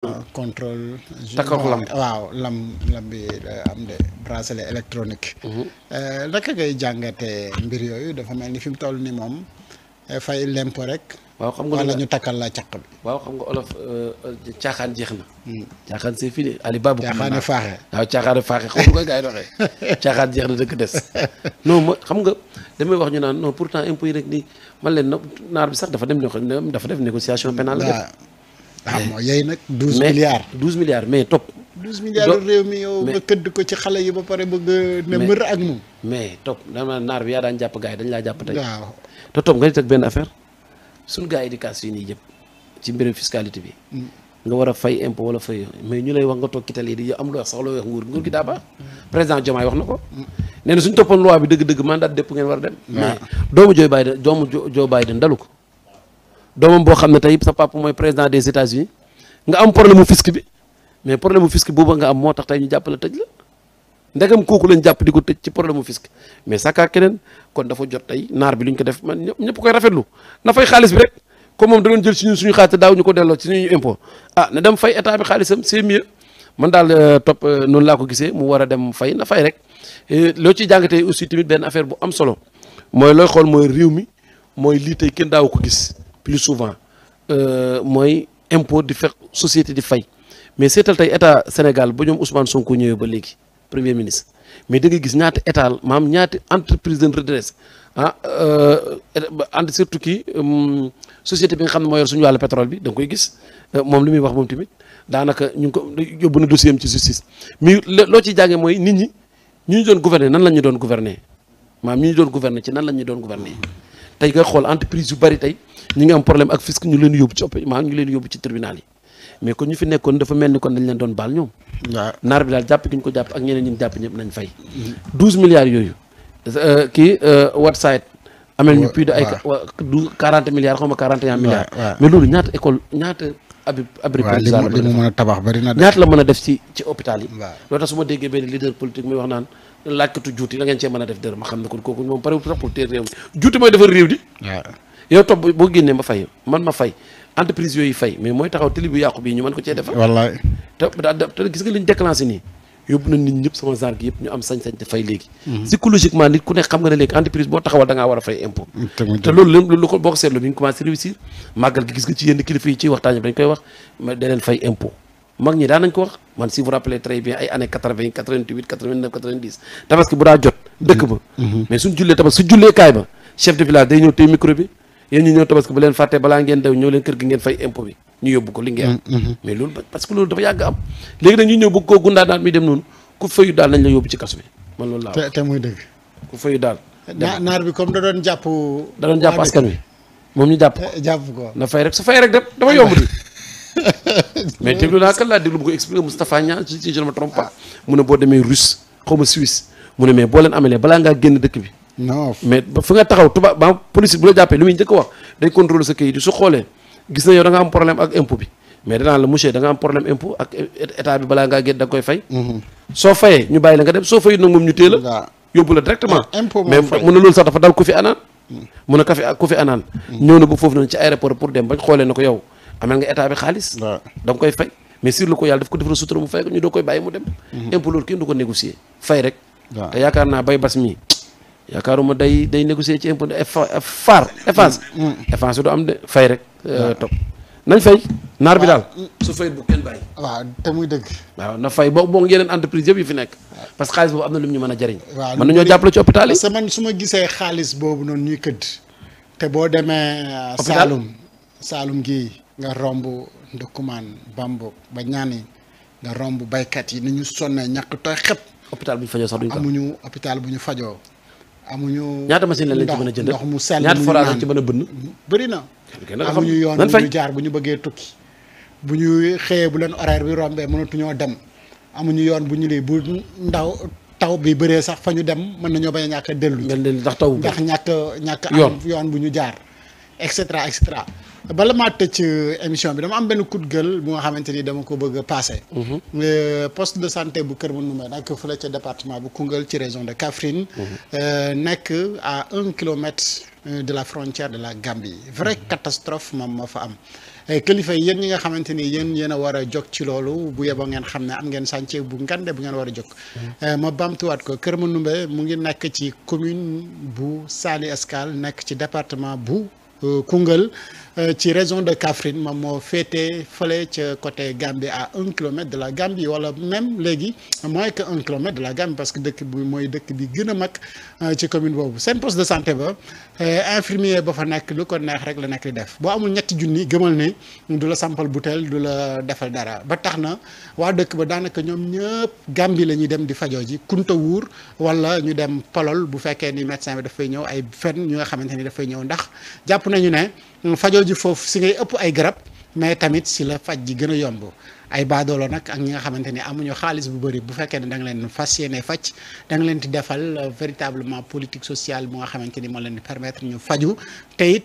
Euh, contrôle. takk lam waaw lam lam bi am de bracelet électronique. Mhm. Euh, naka ngay jàngatee mbir yooyu dafa mel ni fi mu toll ni moom euh, fay lempo rek. waaw xam nga wala ñu takkal la caq bi. waaw xam nga olof caaxaan jeex na. Hmm. caaxaan c'est fini Ali Babou. caaxaan faaxe waaw caaxaan faaxe xam nga gars yi doxee caaxaan jeex na dëkk des. non ma xam nga damay wax ñu naan non pourtant impôt yi rek nii man leen naar bi sax dafa dem ne dafa def négociation pénale la waaw ah, mooy yooyu nag douze milliards douze milliards mais topp douze milliards réew mi yow nga këdd ko ci xale yi ba pare bëgg ne mër ak moom mais topp dama naar bi yaa daan jàpp gars yi dañ laa jàpp tey waaw te topp nga di teg benn affaire suñ gaa yi di kaas yi nii yëpp ci mbirum fiscalité bi mm. nga war a fay impôt wala fay mais ñu lay wax nga toog kital yi di am lu wax sax loo wax nguur gi daa baax mm. président Diomaye wax na ko mm. nee na suñ toppoon loi bi dëgg-dëgg man dépp ngeen war a dem mais ah. doomu Joe Biden doomu Joe Biden dalu ko doomam boo xam ne tey sa papa mooy président des États-Unis nga am problème mu fisc bi mais problème mu fisc boobu nga am moo tax tey ñu jàppale tëj la ndegam kooku lañ jàpp di ko tëj ci problème mu fisc mais saka keneen kon dafa jot tey naar bi lu ko def man ñëpp koy rafetlu na fay xaalis bi rek comme moom da jël suñu suñu xaalis daaw ko delloo ci suñu impôt ah fay état bi xaalisam c'est man daal euh, topp euh, noonu laa ko gisee mu war a dem fay na rek rek loo ciy jàngatee aussi tamit benn affaire bu am solo mooy looy xool mooy réew mi mooy lii kenn daaw ko gis. plus souvent euh, mooy impôt di fekk société di fay mais seetal tey état Sénégal ba ñoom son Sonko ñëwee ba léegi premier ministre mais da nga gis ñaata état maam ñaata entreprise de redresse ah and euh, surtout kii société bi nga xam ne moo suñu wàllu pétrole bi da nga gis euh, moom li muy wax moom tamit daanaka ñu ngi ko yóbbu na dossier am ci justice mais loo ci jàngee mooy nit ñi ñu ñu doon gouverner nan la ñu doon gouverner maam ñu ñu doon gouverner ci nan la ñu doon gouverner. tey nga xool entreprise yu bari tey ñu ngi am problème ak fisc ñu leen yóbbu ci opé maa ñu leen yóbbu ci tribunal yi mais kon ñu fi nekkoon dafa mel ni kon dañ leen doon baal ñoom waaw naar ko jàpp ak ñeneen ñi ñu jàpp ñëpp nañ fay 12 milliards euh, kii euh, website amel ñu plus de ay du 40 milliards xaw ma 41 milliards mais loolu ñaata école la mën a tabax bari na ñaata la mën a def ci ci hôpital yi loolu tax su ma déggee benn leader politique muy wax naan laajkatu juuti la ngeen cee mën a def dër ma xam ne kon kooku moom pare sax pour téer réew mi juuti mooy defar réew di yow topp boo génnee ma fay man ma fay entreprise yooyu fay mais mooy taxaw télé bu yàqu bii ñu mën ko cee defar wallaay te te gis nga li ñu na nit ñëpp sama genre sañ-sañ te fay léegi mhm. psychologiquement nit ku nekk xam nga ne léegi entreprise boo taxawal da war a fay impôt te loolu lépp lu ko boo ko seetlu bi ñu commencé réussir màggal gi gis nga ci yenn kilifa yi ciy waxtaan dañ koy wax da leen fay impôt mag ñi daan nañ ko wax man si vous rappelez très bien ay années 80 88 89 90 tabaski bu daa jot dëkk ba mhm. mais suñ jullee tabaski su jullee kaay ba chef de village day ñëw téye micro bi yéen ñu ñëw tabaski bu leen fàttee balaa ngeen daw ñëw leen kër gi ngeen fay impôt bi ñu yóbbu ko li ngeen am mhm, mhm. mais loolu parce que loolu dafa yàgg am léegi nag ñu ñëw bëgg koo gundaa naat mi dem noonu ku fayu daal naar bi comme da doon jàpp mais déglu naa kan laa déglu bu ko expliqué Moustapha Niang si je ne me trompe pas mu ne boo demee russe xaw Suisse mu ne mais boo leen amalee balaa ngaa génn dëkk bi. non mais fi nga taxaw tubaab ba police bu la jàppee li muy njëkk wax day contrôler sa kayit yi su xoolee gis na yow da am problème ak impôt bi mais danaa la monsieur da am problème impôt ak état bi balaa ngaa génn da koy fay. Mhm. soo fayee ñu bàyyi la nga dem soo fayut nag moom ñu teel mm. a. Mm. pour dem bañ xoolee na ko yow amel nga état bi xaalis. da koy fay mais sur lu ko yàlla daf ko defal sutura mu fay ko ñu doo koy bàyyi mu dem. Mhm. impôt loolu kenn du ko négocier fay rek. te yaakaar naa bay bas mii. yaakaaruma day day négocier ci impôt faar efface. efface du am fay rek. Euh, topp nañ fay. naar bi daal su fay bu kenn te muy dëgg. waaw na fay boobu boo yeneen entreprise yëpp yu fi nekk. parce que xaalis boobu am na lu ñu mën a jëriñ. waaw mën nañoo jàppale ci hôpital su ma gisee xaalis boobu noonu ñuy këdd. te boo demee. Euh, Saalum Saalum gii. nga romb ndukkumaan bambo ba ñaani nga romb baykat yi ni ñu sonnee ñàkk tooy xëpp. hôpital bu ñu fajoo sax duñ ko amuñu hôpital bu ñu fajoo. amu ñu machine lañ ci mën a jënd ndox mu sell ñaata forage lañ ci mën a bënn. bëri na. amuñu yoon bu ñu jaar bu ñu bëggee tukki. bu ñu xëyee bu leen horaire bi rombee mënatuñoo dem amuñu yoon bu ñu lii bu ndaw taw bi bëree sax fa ñu dem mën nañoo bañ a ñàkk a dellu. ndax taw ndax ñàkk ñàkk yoon bu ñu jaar et cetera et cetera bala maa tëj euh, émission bi dama am benn coup de gueule bu nga xamante ni dama ko bëgg a passé. Mhm. Euh, de santé bu Kër Manoumbe nag fële ca département bu Koungheul ci région de Kaffrine. Mhm. Euh, nekk à un kilomètre de la frontière de la Gambie vraie mhm. catastrophe ma moo fa am. kilifa yi yéen ñi nga xamante ni yéen yéen a war a jóg ci loolu bu yeboo ngeen xam ne am ngeen chantier bu ngande bu ngeen war a jóg. ma bamtuwaat ko Kër Manoumbe mu ngi nekk ci commune bu Saly Escale nekk ci département bu. Euh, Koungheul euh, ci région de Kaffrine moom moo féetee fële ca côté Gambie à un kilomètre de la Gambie wala même léegi moins que un kilomètre de la Gambie parce que dëkk bi mooy dëkk bi gën a mag euh, ci commune boobu seen poste de santé ba infirmier ba fa nekk lu ko neex rek la nekk di def boo amul ñetti junni gëmal ne du la sampal butéel du la defal dara ba tax na waa dëkk ba daanaka ñoom ñëpp Gambie la ñuy dem di fajoo ji Kuntawuur wala ñu dem Palol bu fekkee ni médecin bi dafay ñëw ay fenn ñu nga xamante ni dafay ñëw ndax nañu ne euh, fajoo ji foofu si ngay ëpp ay garab mais tamit si la faj ji gën a yomb ay baadoolo nag ak ñi nga xamante ni amuñu xaalis bu bëri bu fekkee ne da nga leen fas yéene faj da leen di defal euh, véritablement politique sociale bu nga xamante ni moo leen di permettre ñu faju te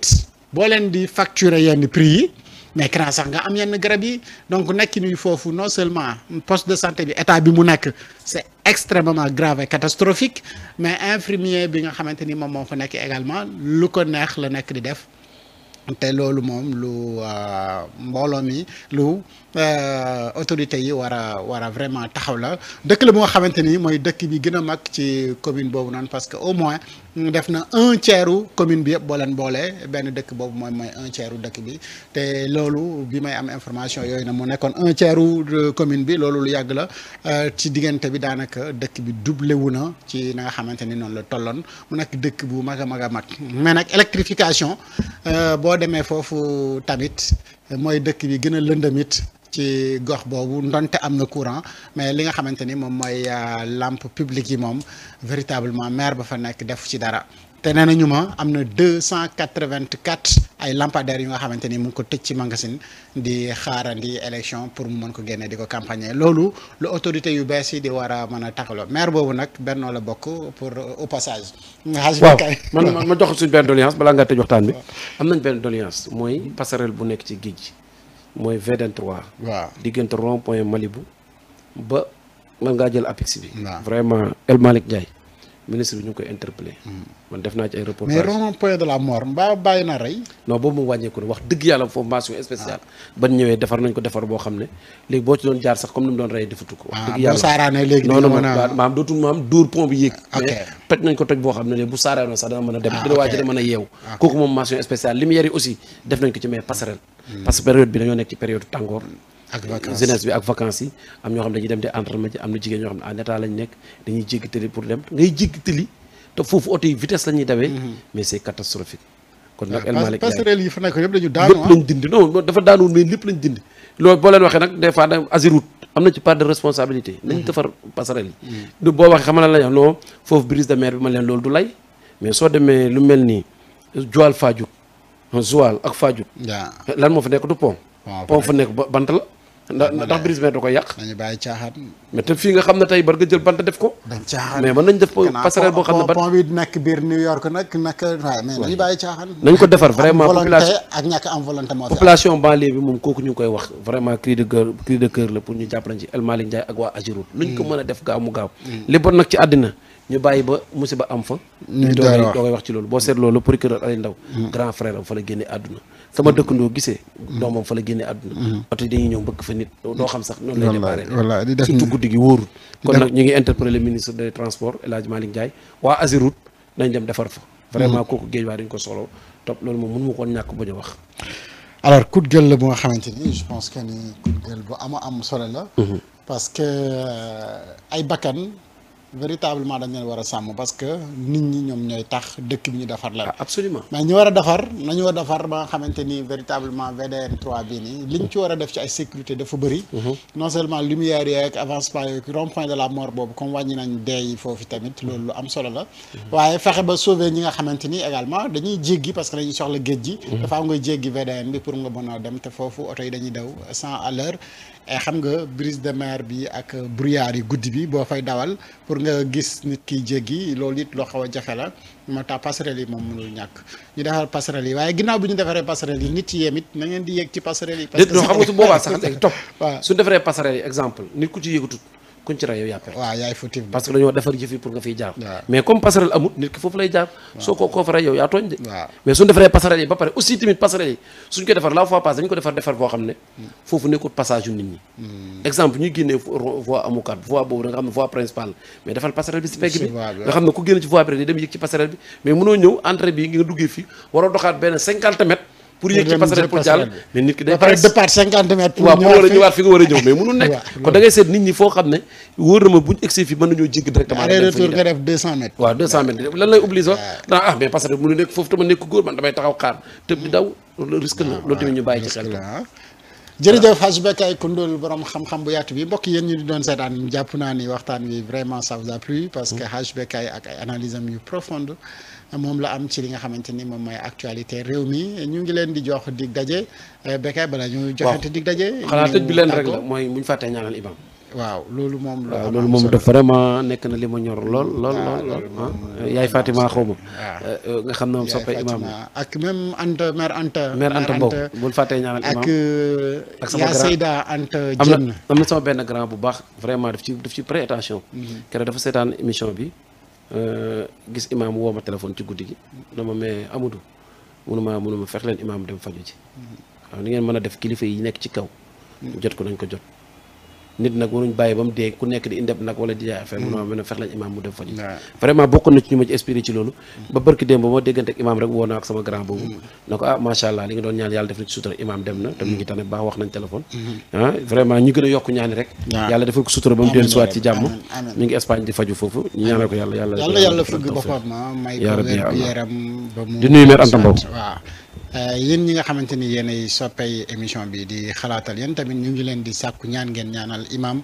boo leen di facturer yenn prix yi mais CRA sax nga am yenn garab yi donc nekk ni foofu non seulement poste de santé bi état bi mu nekk c'est extrêmement grave et catastrophique mais infirmier bi nga xamante ni moom moo fa nekk également lu ko neex la nekk di def te loolu moom lu euh, mbooloo mi lu euh, autorité yi war a war a vraiment taxaw la dëkk la bu nga xamante ni mooy dëkk bi gën a mag ci commune boobu noonu parce que au moins def na un tiers commune bi yëpp boo leen boolee benn dëkk boobu mooy mooy un tiers dëkk bi te loolu bi may am information yooyu na mu nekkoon un tiers commune bi loolu lu yàgg la euh, ci diggante bi daanaka dëkk bi doublé wu na ci na nga xamante ni noonu la tolloon mu nekk dëkk bu mag a mag a mag mais nag électrification euh, boo demee foofu tamit mooy dëkk bi gën a lëndamit ci gox boobu ndonte am na courant mais li nga xamante ni moom mooy euh, lamp publique yi moom véritablement maire ba fa nekk def ci dara te nee nañu ma am na deux cent quatre-vingt-quatre ay lampadaires yu nga xamante ni mu ngi ko tëj ci magasin di xaarandi élection pour mu mën ko génne di ko campagne loolu lu autorité yu bees yi di war a mën a taxaloo maire boobu nag bennoo la bokk pour euh, au passage. waaw man ma jox suñ benn doléance balaa ngaa tëj waxtaan bi. am nañ benn doléance mooy passerelle bu nekk ci géej gi. mooy VDN 3. diggante rond point Malibu ba mën ngaa jël apix bi. vraiment El Malick Ndiaye. ministre bi ñu ngi koy interpellé. Hmm. man def naa ci ay reportage mais rond bàyyi naa rey. non boobu mu wàññeeku ne wax dëgg yàlla formation spéciale. Ah. ban ñëwee defar nañ ko defar boo xam ne léegi boo ci doon jaar sax comme ni mu doon rey defatu ko. wax ah, dëgg yàlla bu maam dootul maam dóor pont bi yéeg. toj nañ ko toj boo xam ne léegi bu saaraanoo sax dana mën a dem. Ah, dina waaj dina mën a yeewu. kooku moom formation spéciale li mu yari aussi def nañ ko ci mais ak vacances jeunesse bi ak vacances yi am ñoo xam dañuy dem di entraînement ji jigéen ñoo xam ne en nekk dañuy jéggi tëli pour dem ngay jéggi tëli te foofu oto yi vitesse la dawee. Mhm. mais c'est catastrophique. kon nag ah, El passerelle yi fa nekk dañu ah. daanu mais lépp lañ dindi loolu boo leen waxee nag des fois da Ageroute am na ci part de responsabilité. Mhm. nañ defar passerelle yi. Mhm. boo waxee xam na la foofu brise de mer bi ma leen loolu du lay mais soo demee lu mel ni Joal ndax ndax brise mer da koy yàq. nañu mais te fii nga xam na tey bar nga jël banta def ko. dañ caaxaan mais mën nañ def passerelle boo xam ne ban pont ko defar vraiment population ak ñàkk am volonté moo population moom kooku ñu koy wax vraiment cri de cœur cri de cœur la pour ñu jàppalañ ci El Malick Ndiaye ak waa Agirout. luñ ko mm. mën a def gaaw mu gaaw. Mm. li nag ci àddina. ñu bàyyi ba musiba am fa. ñu doog koy wax ci loolu boo seet loolu procureur Aliou Ndaw mm. grand frère am fa la génne àdduna sama dëkkandoo gisee. Mm-hmm. doomam fa la génne àdduna. Mm-hmm. oto dañuy ñëw mbëkk fa nit doo xam sax noonu lay déparé voilà di def guddi gi wóorul kon nag ñu ngi interpellé ministre des transports El Hadj Malick Ndiaye waa Aziroute nañ dem defar fa mm-hmm. vraiment kooku géej waa dañ ko solo topp loolu moom mënu ma koon ñàkk bañ a wax alors coup de la bu nga xamante ni je pense que ni coup de bu ama am solo la parce que euh, ay bakkan véritablement dañ war a sàmm parce que nit ñi ñoom ñooy tax dëkk bi ñu defar la ah, mais ñu war a defar nañu war a defar ba nga xamante ni véritablement VDN 3 bii nii liñ ci war a def ci ay sécurité dafa bëri mm-hmm. non seulement lumière yeeg avancement yeeg rond point de la mort boobu comme wàññi nañ dee foofu tamit loolu am solo la mm-hmm. waaye fexe ba sauver ñi nga xamante ni également dañuy jéggi parce que dañuy soxla géej gi mm-hmm. dafa nga jéggi VDN bi pour a dem te bi yi guddi pour nga gis nit kiy jéggi loolu it loo xaw a jafe la moo tax passerelle yi moom mënul ñàkk ñu defar passerelle yi waaye ginnaaw bi ñu defaree passerelle yi nit yéem it na ngeen di yéeg ci passerelle yi. parce que su defaree passerelle yi exemple nit ku ci yéegatut. kuñ ci rey parce que dañoo defar yëf yi pour nga fiy jaar mais comme passerelle amut nit ki foofu lay jaar soo ko koo fa rey yaa tooñ de mais suñ defaree passerelle yi ba pare aussi tamit passerelle yi suñ ko defar la fois passée dañ ko defar foo xam ne foofu nekkul passage yu nit ñi hmm. exemple ñuy génnee voie amukaat voie boobu da xam ne voie principale mais defal passerelle bi si pegg bi nga xam ne ku génn ci voie bi bi mais mënoo pour yéeg ci passerelle pour jàll mais nit ki day pare cinquante mètres pour pour war a ñëwaat fi nga war a ñëw mais mënul nekk kon da seet nit ñi foo xam ne wóor na ma buñ egsi fi mën nañoo jéggi directement aller nga def deux cent mètres waaw deux cent mètres lan lay obligé dana ah mais nekk foofu tama nekk góor man damay taxaw xaar tëb daw loolu risque loolu tamit ñu bàyyi ci xel ah. jërëjëf Hadj Bekkay Koundoul borom xam-xam bu yaatu bi mbokk yéen ñu di doon naa ni waxtaan wi vraiment ça vous a plu moom la am ci li nga xamante ni moom mooy actualité réew mi ñu ngi leen di jox dig daje eh, Bécaye bala ñu joxante dig daje xanaa tëj bi leen rek la mooy bu ñu fàttee ñaanal imam waaw loolu moom waaw loolu moom dafa vraiment na li ma ñor lool lool lool ah, lool ah. yaay Fatima xaw ma ah. eh, eh, nga xam ne moom soppe imam ak même Anta mère Anta mère Anta Mbow bul fàttee ñaanal imam euh, ak sama grand Seyda Anta am na am na benn grand bu baax vraiment daf ci daf ci pré mm-hmm. dafa seetaan émission bi Euh, gis imaam woo ma téléphone ci guddi gi na ma mais Amadou munuma munuma fex leen imaam dem fajo ci mm-hmm. waaw ni ngeen mën a def kilifa yi nekk ci kaw jot ko nañ ko jot nit nag waruñ bàyyi ba mu dee ku nekk di indeb nag wala di jaay affaire mm. mu ne ma fex lañ imaam mu dem faju vraiment bokk na ci ñu ci inspiré ci loolu mm. ba barki démb ba ma déggante ak imaam rek woo ak sama grand boobu mm. na ko ah macha allah li nga doon ñaan yàlla def na ci sutura imaam dem na te mu ngi tane baax wax nañ téléphone mm-hmm. ah vraiment gën a yokk ñaani rek yàlla defal ko sutura ba mu dellu siwaat ci jàmm mi ngi Espagne di faju foofu ñu ñaanal ko Euh, yéen ñi nga xamante ni yéenay soppey émission bi di xalaatal yéen tamit ñu ngi leen di sàkku ñaan ngeen ñaanal imam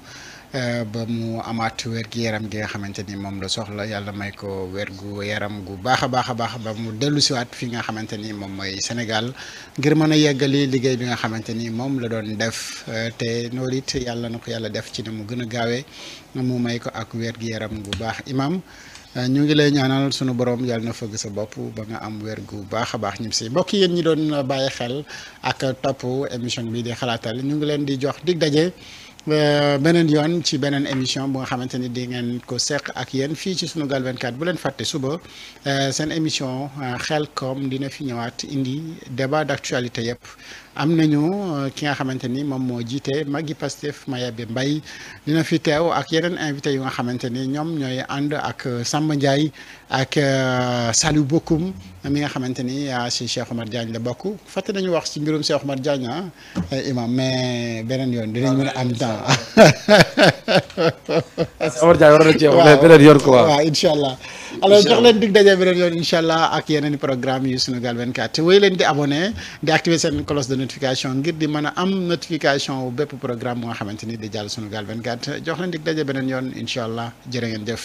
euh, ba mu amaat wér gu yaram gi nga xamante ni moom la soxla yàlla may ko wér gu yaram gu baax a baax a baax ba mu dellu siwaat fi nga xamante ni moom mooy Sénégal ngir mën a yeggali liggéey bi nga xamante ni moom la doon def euh, te new it yàlla na ko yàlla def ci ne mu gën a gaawee mu may ko ak wér gu yaram gu baax imam Euh, ñu ngi lay ñaanal suñu boroom yàlla na fëgg sa bopp ba nga am weer gu baax a baax ñib si mbokk yéen ñi doon bàyyi xel ak topp émission bi di xalaatal ñu ngi leen di jox dig daje. Euh, beneen yoon ci beneen émission bu nga xamante ni di ngeen ko seq ak yéen fii ci Sunugal 24 bu leen fàtte suba euh, seen émission xel koom dina fi ñëwaat indi débat d'actualité yëpp. am nañu euh, ki nga xamante ni moom moo jiite Maggi Pastef Mayabe Mbaye dina fi teew ak yeneen invité yu nga xamante ni ñoom ñooy ànd ak euh, sàmm Ndiaye ak euh, Saliou Bokoum mi nga xamante ni si Cheikh Omar Diagne la bokk fàtte nañu wax si mbirum Cheikh Omar Diagne ah imam mais beneen yoon dinañ mën a am temps. Omar Diagne war na ci mais beneen yoon quoi. waaw incha jox leen dig daje beneen yoon incha ak yeneen programme yu Sunugal 24 wéy leen di abonné di notification ngir di mën a am notification wu bépp programme moo xamante ni di jàll Sunugal 24 jox leen dig daje beneen yoon incha allah jërë ngeen jëf.